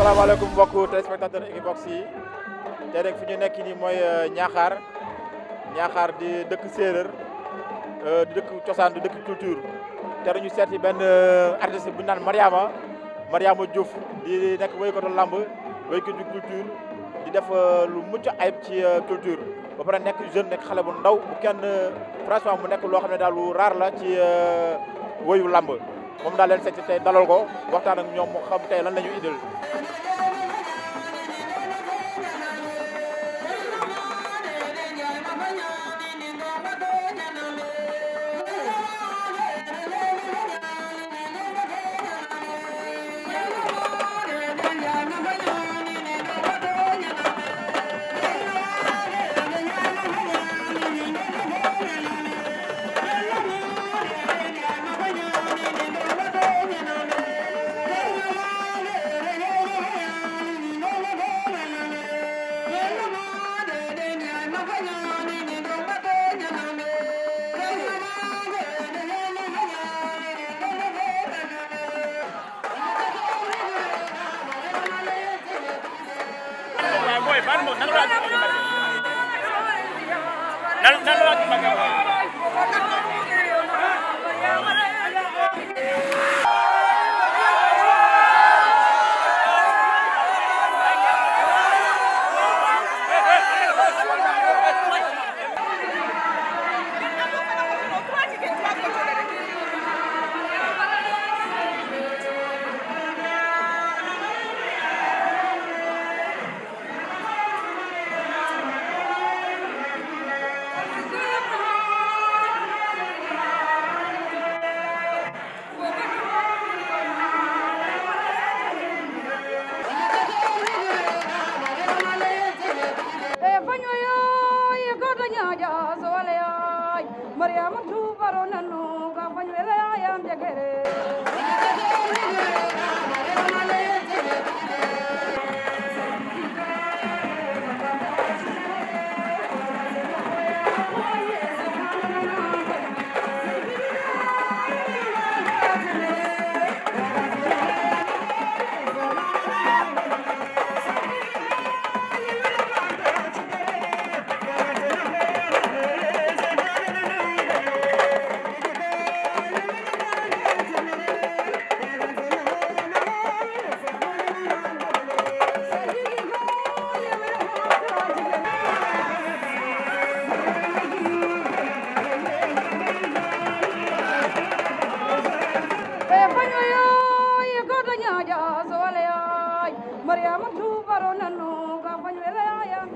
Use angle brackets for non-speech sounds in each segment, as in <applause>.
salaamaaleykum mbokk téléspectateur Equivox yi tey rek fi ñu nekk nii mooy ñaaxaar euh, ñaaxaar di dëkk séeréer euh, di dëkk cosaan di dëkk culture te ñu seeti yi benn euh, artiste bu ñu naan Mariama Mariama Diouf di nekk woykatu làmb woykatu culture di def lu mucc ayib ci culture ba pare nekk jeune nekk xale bu ndaw bu kenn franchement mu nekk loo xam ne daal lu raar la ci woyu làmb moom daal leen seet tey dalal ko waxtaan ak ñoom mu xam tey lan la ñu indil.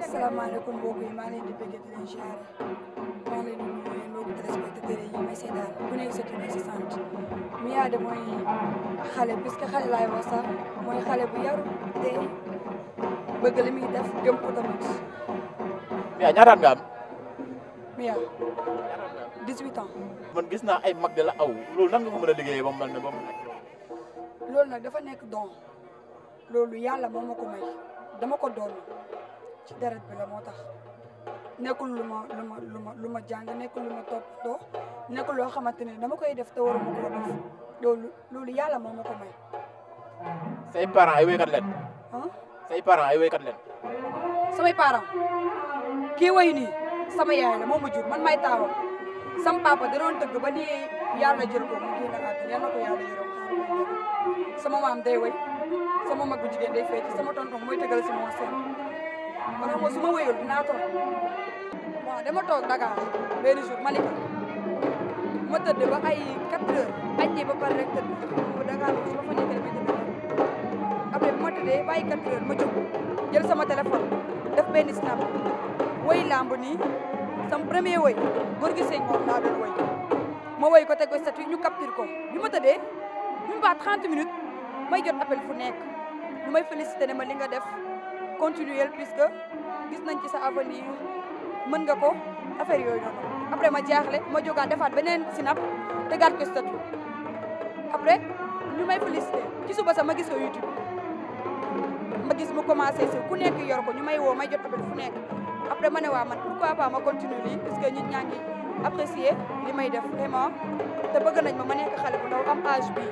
asalaamaaleykum mbokk yi maa ngi leen di bëgg di leen ziar maa ngi leen di nuyu mbokk seetaan ku nekk sa tur sa de mooy xale puisque xale laay wax mooy xale bu yaru te bëgg li muy def gëm ko tamit. Mia ñaata at nga am. Mia 18 ans. man gis naa ay mag de aw loolu nan nga ko a liggéeyee ba mu mel ne ba mu nekk. loolu nag dafa nekk don. loolu yàlla moo ma ko may dama ko doon ci deret bi la moo tax nekkul lu ma lu ma lu ma lu ma jàng nekkul lu ma toppatoo nekkul loo xamante ne dama koy def te waruma koo def loolu loolu yàlla moo ma ko may. say parents ay wéykat leen. say parents ay wéykat leen. samay parents kii way nii sama yaay la moo ma jur man may taawam sam papa da doon tëgg ba nii yàlla jël ko mu génn àddina yàlla ko yàlla yërëm sama maam day way. sama mag bu jigéen day fecc sama tonton mooy tegal si mon seen man xam nga su ma wéyul dinaa toog waaw dama toog Dakar benn jour ma nekk ma tëdd ba ay 4 heures aññee ba pare bu ma tëddee ba ay 4 heures ma jóg jël sama téléphone def benn snap woy lamb nii sama premier woy góor gi sëñ woy ma woy ko teg ko statut ñu capture ko bi ma tëddee même pas 30 minutes. damay jot appel fu nekk ñu may félicité ne ma li nga def continuer puisque gis nañ ci sa avenir mën nga ko affaire yooyu noonu après ma jaaxle ma jógaat defaat beneen si sinap te gàtt ko statut après ñu may félicité ci suba sax ma gis ko YouTube ma gis mu commencé si ku nekk yor ko ñu may woo may jot appel fu nekk après ma ne waa man pourquoi pas ma continuer lii puisque nit ñaa ngi apprécié li may def vraiment te bëgg nañ ma ma nekk xale bu ndaw am âge bi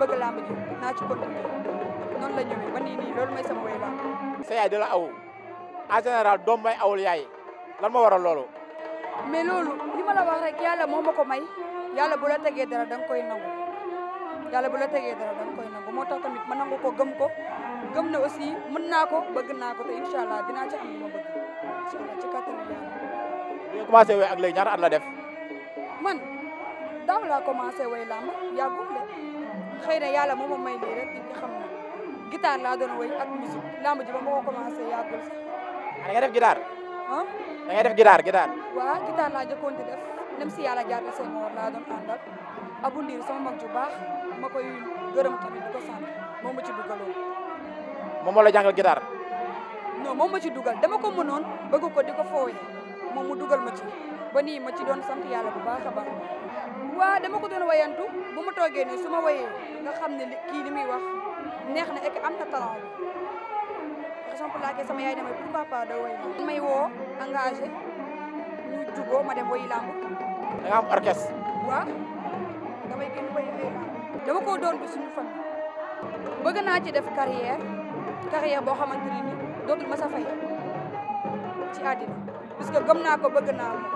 bëgg ji naa ci continuer noonu la ñëwee ba nii nii loolu may sama way làmb sa yaay da la aw en général doom may awul yaay lan ma waral loolu mais loolu li ma la wax rek yàlla moo ma ko may yàlla bu a tegee dara da koy nangu yàlla bu la tegee dara da nga koy nangu moo tax tamit ma nangu ko gëm ko gëm na aussi mën naa ko bëgg naa ko te incha allah dinaa ci am ma bëgg bi nga commencé woy ak léegi ñaata at la man daaw laa commencé woy xëy na yàlla moo ma may lii na guitare laa doon woy ak musique làmb ji ba ma ko commencé ah, da ngay def guitare. ah da ma koy gërëm moom ma ci dugaloon. moom moo la jàngal guitare. non moom ma ci dugal dama ko mënoon bëgg ko di ko moom mu dugal ma ci ba nii ma ci doon sant yàlla bu baax a baax waa dama ko doon wayantu bu ma toogee nii su ma wayee nga xam ne kii li muy wax neex na ek am na talent par exemple laajte sama yaay damay pourquoi pas da way may woo engagé ñu juboo ma dem wayi làmb da nga am orchestre naa ci def carrière boo xamante ne ni dootul ma sa ci àddina puisque gëm naa ko bëgg naa ko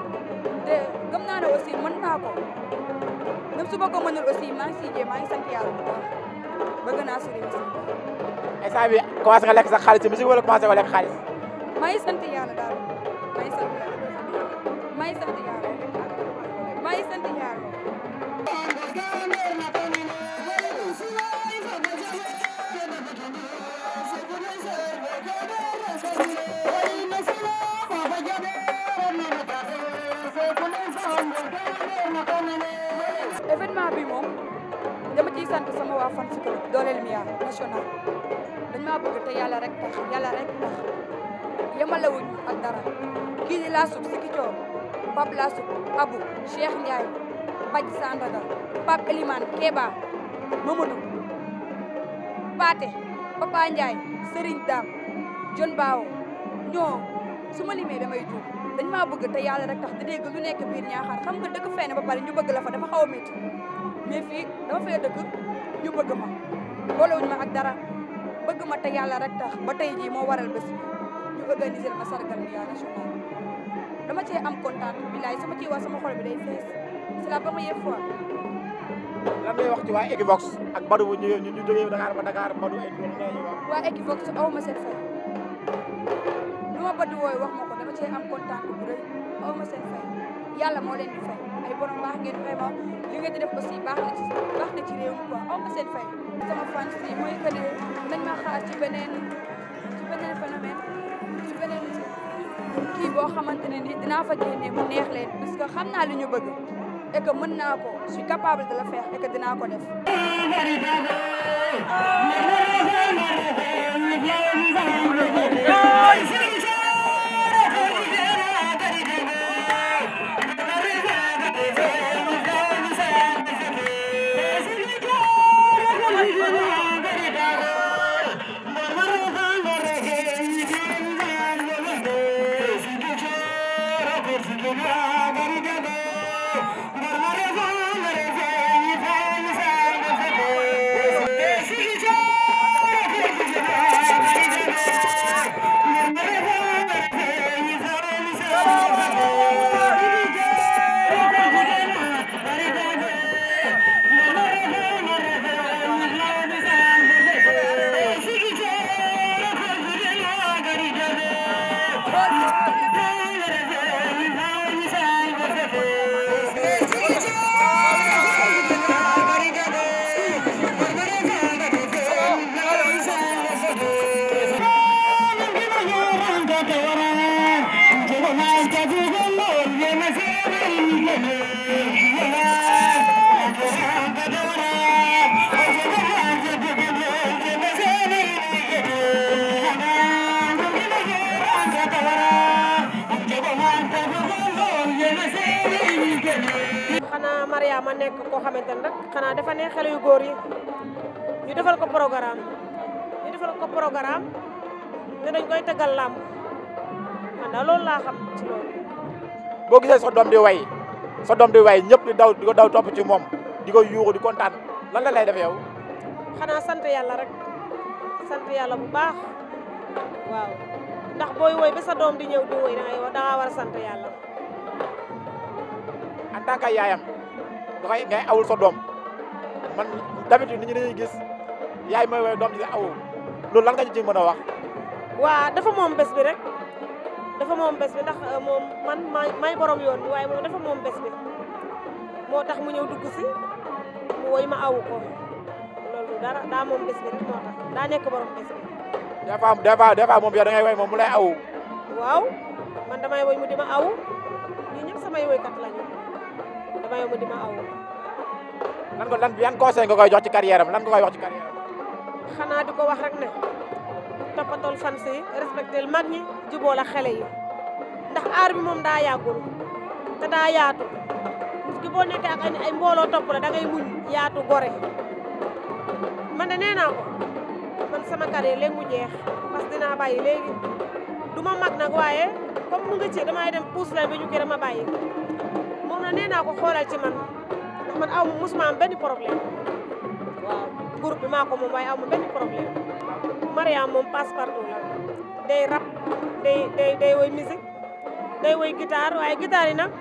te gëm naa ne aussi mën naa ko même su ma ko mënul aussi maa ngi siy jéem maa ngi sant yàlla bu bëgg naa sori aussi. instant bi commencé nga lekk sa xaalis ci musique wala commencé nga lekk xaalis. maa ngi sant yàlla daal maa ngi sant yàlla maa ngi maa ngi sant. di sant sama waa fan si club dooleel Mia national dañ maa bëgg te yàlla rek yàlla rek yemalewuñ ak dara kii di laa sub Siki Coor Pape laa sub Abou Cheikh Ndiaye Badji Sandaga Pape Elimane Keba Paate Papa Ndiaye Serigne Dam John Bao ñoo su ma limee damay juum dañ maa bëgg te yàlla rek tax di dégg lu nekk biir ñaaxaar xam nga dëkk fenn ba pare ñu bëgg la fa dafa xaw a métti mais fii dama fee dëkk ñu bëgg ma boolewuñ ma ak dara bëgg ma te yàlla rek tax ba tey jii moo waral bés ñu organiser ma sargal yaa national dama cee am kontaan bilaay sama ciy wax sama xol bi day fees c'est la première fois lan ngay wax ci waa Equivox ak Badou bu ñu ñu jógee ba Dakar Badou ak ñoom ñoo ñu waa Equivox aw ma seen lu ma bëgg wooy wax ma ko dama cee am kontaan bu rëy aw ma seen fay yàlla moo leen di fay ay borom baax ngeen vraiment li ngeen di def aussi baax na ci baax na ci réew mi quoi aw ma seen fay sama fan si mooy que ne nañ ma xaar ci beneen ci beneen phénomène ci beneen kii boo xamante ne nii dinaa fa génne mu neex leen parce que xam naa li ñu bëgg et que mën naa ko je suis capable de la faire et que dinaa ko def Oh, xanaa Mariama nekk koo xamante ne nag xanaa dafa ne xale yu góor yi ñu defal ko programme ñu defal ko programme ne dañ koy tëggal làmb na loolu laa xam ci loolu. boo gisee sa doom di way sa doom di way ñëpp di daw di daw topp ci moom di ko yuuxu di kontaan lan la lay def yow. xanaa sant yàlla rek sant yàlla bu baax waaw ndax booy woy ba sa doom di ñëw di woy da ngay da ngaa war a sant yàlla. en tant que yaayam da koy ngay awul sa doom man tamit nit ñi dañuy gis yaay mooy woy doom ji nga awul loolu lan nga ñu ci mën a wax. waa dafa moom bi rek. dafa moom bés bi ndax euh, may borom yoon bi waaye moom dafa moom bés bi moo tax mu ñëw dugg si mu woy ma awu ko loolu dara daa moom bés bi moo tax daa nekk borom bés bi. des fois moom yow da ngay woy moom mu lay awu. waaw man damay woy mu di ma awu ñun ñëpp samay woykat lañu damay woy mu di ma awu. lan ko lan yan conseil nga koy jox ci carrière am lan nga koy wax ci carrière xanaa di ko wax rek toppatool fans yi respecté mag ñi jubóol ak xale yi ndax aar moom daa yàggul te daa yaatu ki boo nekkee ak ay mbooloo topp la da yaatu gore man de nee naa ko man sama carrière léegi mu jeex parce que dinaa léegi du ma mag nag waaye comme mu nga ci damay dem puus la bi ñu kii dama moom na nee ko xoolal ci man man aw ma mosuma am benn problème waaw groupe bi maa ko moom waaye aw ma benn problème Mariama moom passe partout day rap day day woy musique day woy guitare waaye guitare yi nag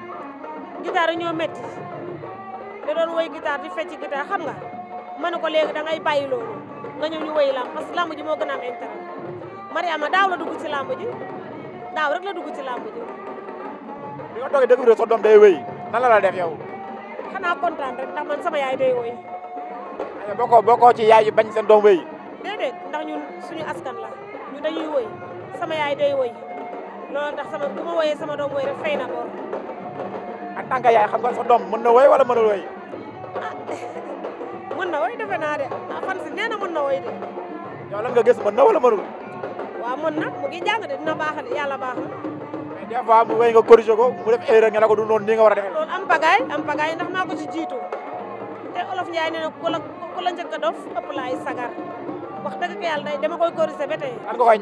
guitare yi ñoo métti da woy guitare di fecc guitare xam nga ma ne ko léegi da ngay bàyyi loolu nga ñëw ñu woy lamb parce que lamb ji moo gën a am daaw la dugg ci daaw rek la dugg ci lamb ji. bi nga toogee déglu day wéy nan la la def yow. xanaa kontaan rek ndax sama yaay day woy. boo ko boo ci yaay yi bañ seen doom déedéet ndax ñun suñu askan la ñu dañuy woy sama yaay day woy loolu tax sama bu ma sama doom woy rek fay na boor en tant yaay xam nga sa mën na woy wala mënul woy ah, <laughs> mën na woy defe naa de ah fan si nee na mën na woy de yow lan nga gis mën na wala mënul waaw mën na mu ngi jàng de dina baax de yàlla baax na mais des fois mu woy nga corrigé ko mu def erreur nga ko du noonu nii nga war a defee loolu am ndax maa ko ci jiitu te olof Njaay nee na ku a wax dëgg ko yàlla day dama koy corriger ba tey. lan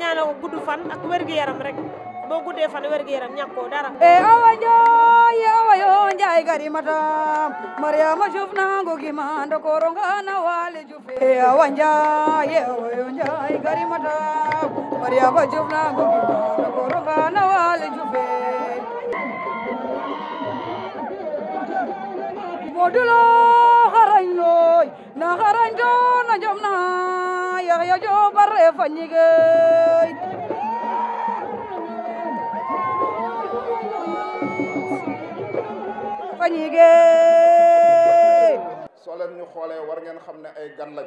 nga ko gudd fan ak yaram rek boo guddee fan wér gu yaram ñàkkoo dara. e awa njaay e awa yoo njaay gari matam mariama juf nango gi ma ndokoro nga na wale juf e na xarañto na jom na Yaxya Joob a reef a ñigéey fa ñigéey soo leen ñu xoolee war ngeen xam ne ay gan lañ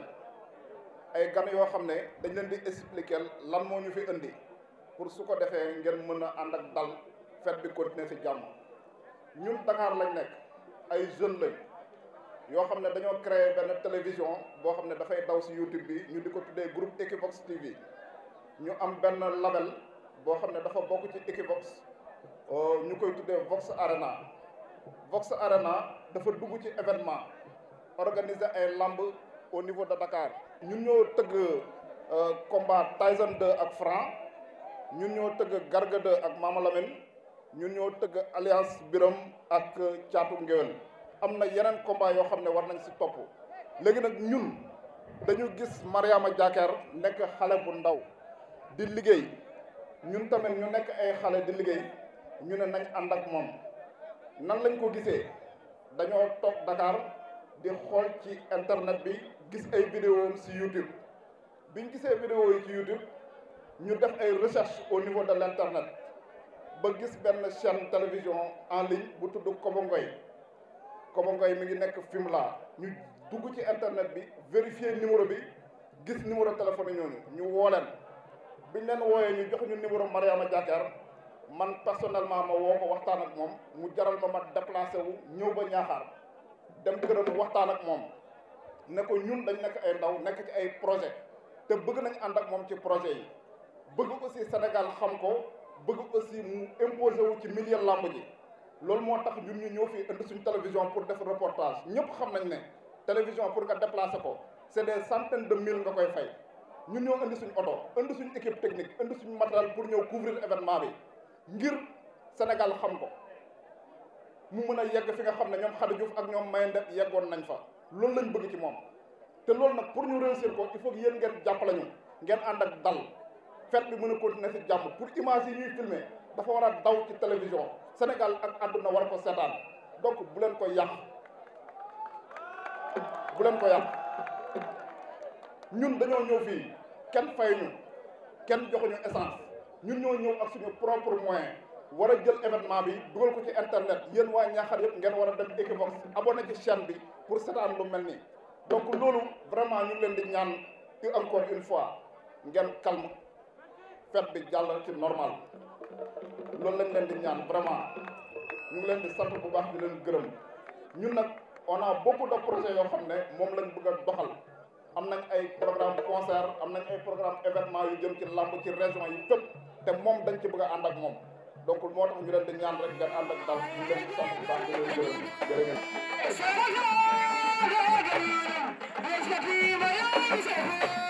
ay gan yoo xam ne dañ leen di expliquer lan moo ñu fi indi pour su ko defee ngeen mën a ànd ak dal fête bi continuer ci jàmm ñun Dakar lañ nekk ay jeunes lañ yoo xam ne dañoo créer benn télévision boo xam ne dafay daw si YouTube bi ñu di ko tuddee groupe Equivox TV ñu am benn label boo xam ne dafa bokk ci Equivox euh, ñu koy tuddee Vox Arena Vox Arena dafa dugg ci événement organiser ay lamb au niveau de Dakar ñun ñoo tëgg euh, combat Tyson 2 ak Franc ñun ñoo tëgg Garga 2 ak Mama ñun ñoo tëgg alliance Biram ak Caatu Ngéwél am na yeneen combat yoo xam ne war nañ si topp léegi nag ñun dañu gis Mariama Diaker nekk xale bu ndaw di liggéey ñun tamit ñu nekk ay xale di liggéey ñu ne nañ ànd ak moom nan lañ ko gisee dañoo toog Dakar di xool ci internet bi gis ay vidéo si YouTube biñ gisee vidéo yi ci YouTube ñu def ay recherche au niveau de l' internet ba gis benn chaîne télévision en ligne bu tudd Kobo Ngoy Kobo Ngoy mi ngi nekk Fimela ñu dugg ci internet bi vérifier numéro bi gis numéro téléphone ñooñu ñu woo leen biñ leen wooyee ñu jox ñu numéro Mariama Diakar man personnellement ma woo ko waxtaan ak moom mu jaral ma ma déplacé wu ñëw ba ñaaxaar dem këram waxtaan ak moom ne ko ñun dañu nekk ay ndaw nekk ci ay projet te bëgg nañ ànd ak moom ci projet yi bëgg aussi Sénégal xam ko bëgg aussi mu imposé ci milieu làmb ji loolu moo tax ñun ñu ñëw fii indi suñu télévision pour def reportage ñëpp xam nañ ne télévision pour nga déplacer ko c'est des centaines de mille nga koy fay ñun ñoo indi suñu oto indi suñ équipe technique indi suñu matériel pour ñëw couvrir événement bi ngir Sénégal xam ko mu mën a yegg fi nga xam ne ñoom Khady Diouf ak ñoom Maye Ndeb yeggoon nañ fa loolu lañ bëgg ci moom te loolu nag pour ñu réussir ko il foog que yéen ngeen jàppale ñu ngeen ànd ak dal fête bi mën a continuer ci jàmm pour image yi ñuy filmer dafa war a daw ci télévision Sénégal ak àdduna war ko seetaan donc bu leen ko yàq bu leen ko yàq ñun dañoo ñëw fii kenn fay ñu kenn joxuñu essence ñun ñoo ñëw ak suñu propre moyen war a jël événement bi dugal ko ci internet yéen waa Ñaaxar yëpp ngeen war a dem Equivox abonné ci chaine bi pour seetaan lu mel nii donc loolu vraiment ñu leen di ñaan encore une fois ngeen calme fet bi jàll ci normal loolu lañ leen di ñaan vraiment ñu leen di sant bu baax di leen gërëm ñun nag on a beaucoup de projets yoo xam ne moom lañ bëgg a doxal am nañ ay programme concert am nañ ay programme événement yu jëm ci làmb ci région yi fépp te moom dañ ci bëgg a ànd ak moom donc moo tax ñu leen di ñaan rek ngeen ànd ak dal ñu leen di bu baax di leen gërëm jërëjëf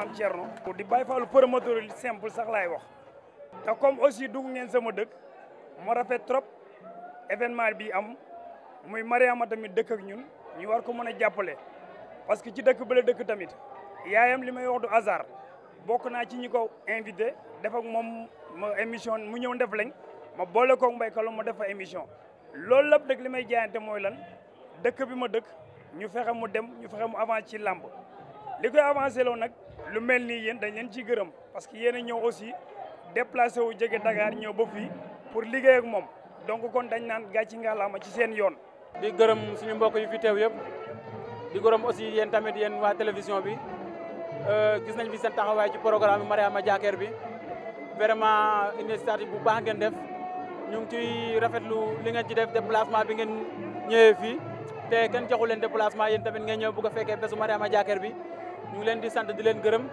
maam Thierno. di bàyyi faalu promoteur yi simple sax wax. te comme aussi dugg ngeen sama dëkk mu rafet trop événement bi am muy Mariama tamit dëkk ak ñun ñu war ko mën a jàppale. parce que ci dëkk bële dëkk tamit yaayam li may wax du hasard bokk naa ci ñi ko invité def ak moom ma émission mu ñëw ndef lañ ma boole koog mbay kalo ma def fa émission. loolu lépp nag li may jaayante mooy lan dëkk bi ma dëkk ñu fexe mu dem ñu fexe mu avancé ci làmb li koy avancé loo lu mel nii yéen dañ leen ci gërëm parce que yéen ñëw aussi déplacé wu jege Dakar ñëw ba fii pour liggéey moom donc kon dañ naan gàcci ngalaama ci seen yoon. di gërëm suñu mbokk yu fi teew yëpp di gërëm aussi yéen tamit yéen waa télévision bi euh, gis nañ bi seen taxawaay ci programme bi Mariama Diaker bi vraiment initiative bu baax ngeen def ñu ngi ciy rafetlu li ngeen ci def déplacement bi ngeen ñëwee fii te kenn joxu leen déplacement yéen tamit ngeen ñëw bu ko fekkee bésu Mariama Diaker bi. ñu ngi leen di sant di leen gërëm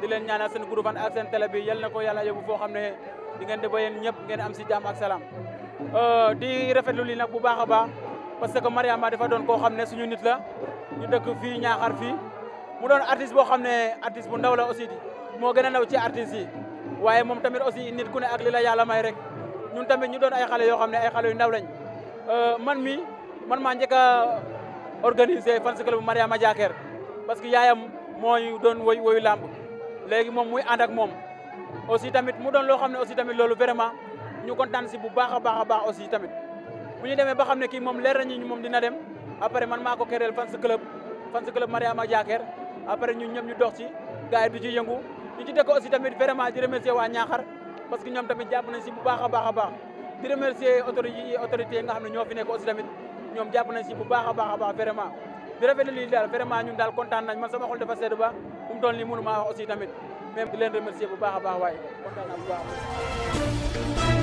di leen ñaanal seen groupe ak seen télé yal na ko yàlla yóbbu foo xam ne di ngeen di ñëpp ngeen am si jàmm ak salaam euh, di rafetlu lii nag bu baax a baax parce que Mariama dafa doon koo xam ne suñu nit la ñu dëkk fii ñaaxar fii mu doon artiste boo xam ne artiste bu ndaw la aussi moo gën a ndaw ci artistes yi waaye moom tamit aussi nit ku ne ak li la yàlla may rek ñun tamit ñu doon ay xale yoo xam ne ay xale yu ndaw lañ euh, man mi man maa njëkk a organisé fans club bu Mariama Diaker mooy doon woy woyu làmb léegi moom muy ànd ak moom aussi tamit mu doon loo xam ne aussi tamit loolu vraiment ñu kontaan si bu baax a baax a aussi tamit bu ñu demee ba xam ne kii moom leer nañu moom dina dem après man maa ko kereel fans club fans club Mariama Diaker après ñun ñëpp ñu dox ci gars yi du ci yëngu ñu ci dëkk aussi tamit vraiment di remercier waa Ñaaxar parce que ñoom tamit jàpp nañ si bu baax a baax a baax di remercier autorité yi autorité xam ne ñoo fi nekk aussi tamit ñoom jàpp nañ si bu baax a baax a baax vraiment di rafetlu lii daal vraiment ñun daal kontaan nañ man sama xol dafa sedd ba fu mu toll nii mënu maa wax aussi tamit même di leen remercier bu baax a baax waaye kontaan naa bu baax